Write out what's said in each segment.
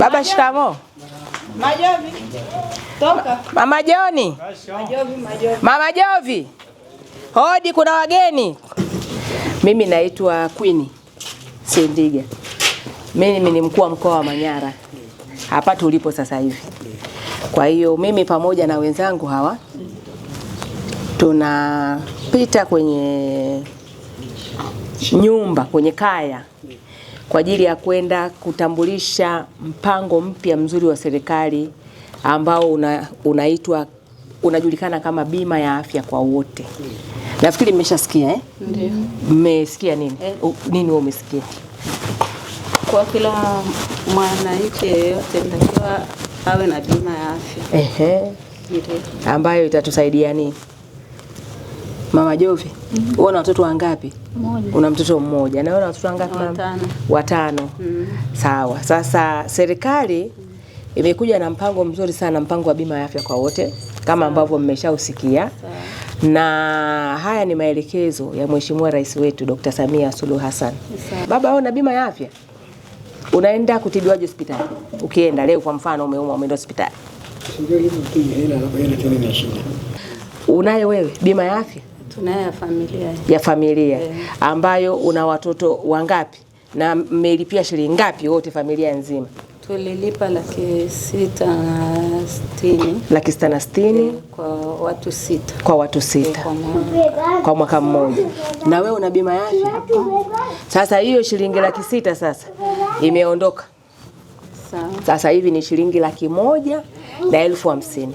Baba, shikamo. Majovi. Toka. Mama Joni. Majovi, Majovi. Mama Jovi. Hodi, kuna wageni. Mimi naitwa Queen Sendiga. Mimi ni mkuu wa mkoa wa Manyara hapa tulipo sasa hivi. Kwa hiyo mimi pamoja na wenzangu hawa tunapita kwenye nyumba, kwenye kaya kwa ajili ya kwenda kutambulisha mpango mpya mzuri wa serikali ambao una, unaitwa unajulikana kama bima ya afya kwa wote. Nafikiri mmeshasikia eh? Ndio. Mmesikia nini? Eh. U, nini wewe umesikia? Kwa kila mwananchi yeyote natakiwa awe na bima ya afya. Ehe. Ambayo itatusaidia nini? Mama Jovi, mm -hmm. Una watoto wangapi? Mmoja. Una mtoto mmoja. Na una watoto wangapi Watano. Watano. Mm -hmm. Sawa. Sasa serikali imekuja na mpango mzuri sana, mpango wa bima ya afya kwa wote kama ambavyo mmeshausikia. Na haya ni maelekezo ya Mheshimiwa Rais wetu Dr. Samia Suluhu Hassan. Baba, una bima ya afya? Unaenda kutibiwaje hospitali? Ukienda leo kwa mfano umeumwa umeenda hospitali. Unayo wewe bima ya afya? Tunayo ya familia, ya familia. Yeah. Ambayo una watoto wangapi na mmelipia shilingi ngapi wote familia nzima? Tulilipa laki sita na sitini. Laki sita na sitini eh, kwa watu sita, kwa watu sita. Eh, kwa mwaka mmoja. Na wewe una bima ya afya? Sasa hiyo shilingi laki sita sasa imeondoka sasa hivi ni shilingi laki moja na elfu hamsini.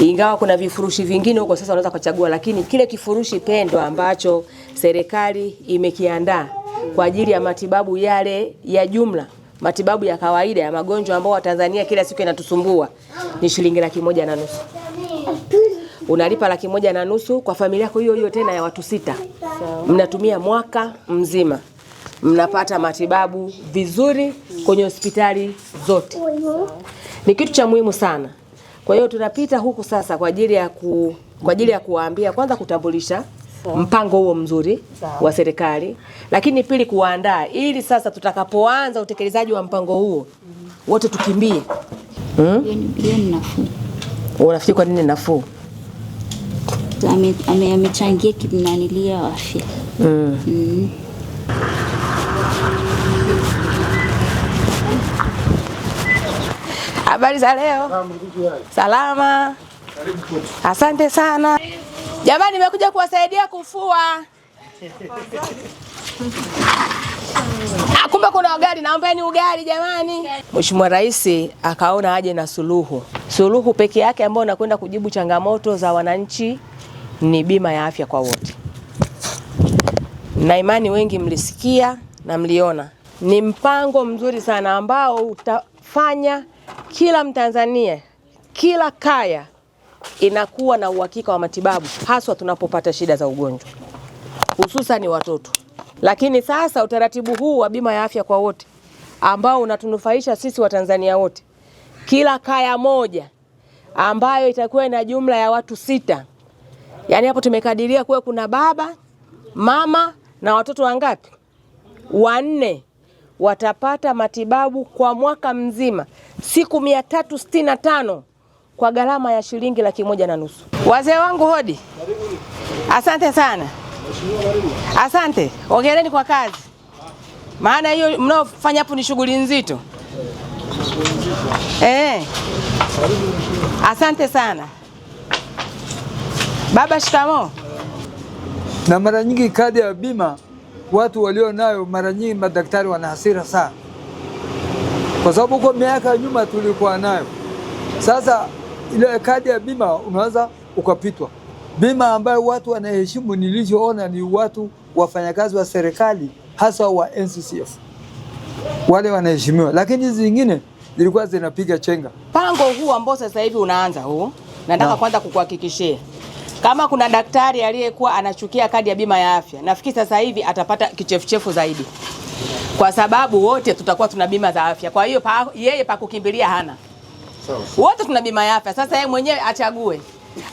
Ingawa kuna vifurushi vingine huko sasa unaweza kuchagua, lakini kile kifurushi pendwa ambacho serikali imekiandaa kwa ajili ya matibabu yale ya jumla, matibabu ya kawaida ya magonjwa ambayo Watanzania kila siku yanatusumbua ni shilingi laki moja na nusu. Unalipa laki moja na nusu kwa familia yako hiyo hiyo tena ya watu sita. Mnatumia mwaka mzima mnapata matibabu vizuri kwenye hospitali zote. Ni kitu cha muhimu sana. Kwa hiyo tunapita huku sasa kwa ajili ya ku, kwa ajili ya kuwaambia kwanza kutambulisha mpango huo mzuri so, wa serikali, lakini pili kuandaa ili sasa tutakapoanza utekelezaji wa mpango huo mm wote tukimbie Hmm? nafuu. Unafikiri kwa nini nafuu? Amechangia ame, ame kimnanilia afya mm. mm. Habari za leo? Salama. Asante sana jamani, nimekuja kuwasaidia kufua. Ah, kumbe kuna ugali, naombeni ugali jamani. Mheshimiwa Rais akaona aje na suluhu. Suluhu peke yake ambayo nakwenda kujibu changamoto za wananchi ni bima ya afya kwa wote, na imani wengi mlisikia na mliona. Ni mpango mzuri sana ambao utafanya kila Mtanzania, kila kaya inakuwa na uhakika wa matibabu, haswa tunapopata shida za ugonjwa, ni watoto. Lakini sasa utaratibu huu wa bima ya afya kwa wote ambao unatunufaisha sisi Watanzania wote, kila kaya moja ambayo itakuwa na jumla ya watu sita, yaani hapo tumekadiria kuwa kuna baba, mama na watoto wangapi? Wanne watapata matibabu kwa mwaka mzima siku mia kwa gharama ya shilingi laki moja na nusu. Wazee wangu hodi, asante sana, asante, ongereni kwa kazi, maana hiyo mnaofanya hapo ni shughuli nzito eh. Asante sana baba, shikamo. Na mara nyingi kadi ya bima watu walio nayo mara nyingi madaktari wana hasira sana, kwa sababu huko miaka ya nyuma tulikuwa nayo. Sasa ile kadi ya bima unaweza ukapitwa bima ambayo watu wanaheshimu. Nilichoona ni watu wafanyakazi wa serikali hasa wa NCCF wale wanaheshimiwa, lakini hizi zingine zilikuwa zinapiga chenga. Mpango huu ambao sasa hivi unaanza huu, nataka na kwanza kukuhakikishia kama kuna daktari aliyekuwa anachukia kadi ya bima ya afya, nafikiri sasa hivi atapata kichefuchefu zaidi, kwa sababu wote tutakuwa tuna bima za afya. Kwa hiyo pa, yeye pa kukimbilia hana, wote tuna bima ya afya. Sasa yeye mwenyewe achague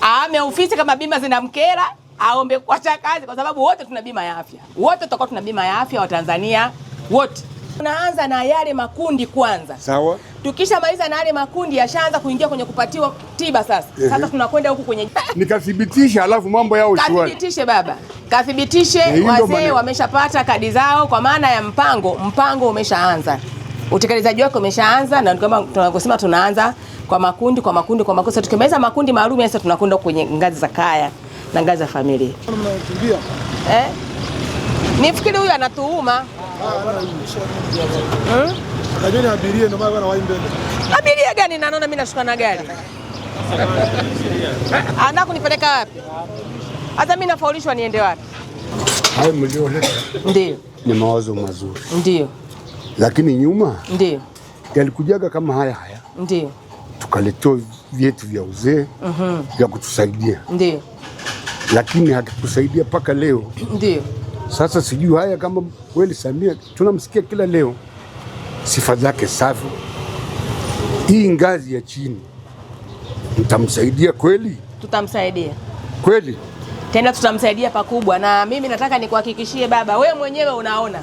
aame ofisi kama bima zinamkera aombe kuacha kazi, kwa sababu wote tuna bima ya afya, wote tutakuwa tuna bima ya afya wa Tanzania wote. Tunaanza na yale makundi kwanza. Sawa. Tukishamaliza na yale makundi yashaanza kuingia kwenye kupatiwa tiba sasa. Ehe. Sasa tunakwenda huku kwenye Nikathibitisha alafu mambo yao shwari. Kathibitishe baba, kathibitishe eh, wazee wameshapata kadi zao, kwa maana ya mpango. Mpango umeshaanza, utekelezaji wake umeshaanza, na kama tunavyosema tunaanza kwa makundi kwa makundi kwa makundi. Tukimaliza makundi maalum sasa tunakwenda kwenye ngazi za kaya na ngazi za familia. Eh? Nifikiri huyu anatuuma Abiria gani? Naona mimi nashuka na gari ah, ana kunipeleka wapi? Hata mimi nafaulishwa niende wapi? Hayo mlioleta ndio ni mawazo mazuri, ndio, lakini nyuma ndio yalikujaga kama haya haya, ndio tukaletewa vyetu vya uzee mhm. vya kutusaidia, ndio, lakini hakikusaidia mpaka leo, ndio sasa sijui haya kama kweli Samia, tunamsikia kila leo sifa zake safi. Hii ngazi ya chini mtamsaidia kweli? Tutamsaidia kweli, tena tutamsaidia pakubwa. Na mimi nataka nikuhakikishie baba, we mwenyewe unaona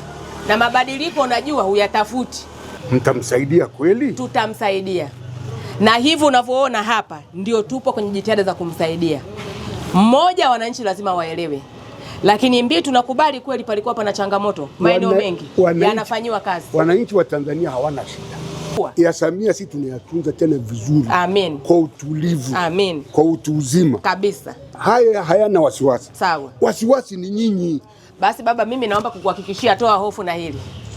na mabadiliko unajua huyatafuti. Mtamsaidia kweli? Tutamsaidia, na hivi unavyoona hapa, ndio tupo kwenye jitihada za kumsaidia. Mmoja, wananchi lazima waelewe lakini mbili, tunakubali kweli palikuwa pana changamoto, maeneo mengi yanafanyiwa kazi. Wananchi wa Tanzania hawana shida ya Samia, si tunayatunza tena vizuri. Amen. Kwa utulivu. Amen. Kwa utu uzima kabisa, haya hayana wasiwasi. Sawa, wasiwasi ni nyinyi. Basi baba, mimi naomba kukuhakikishia, toa hofu na hili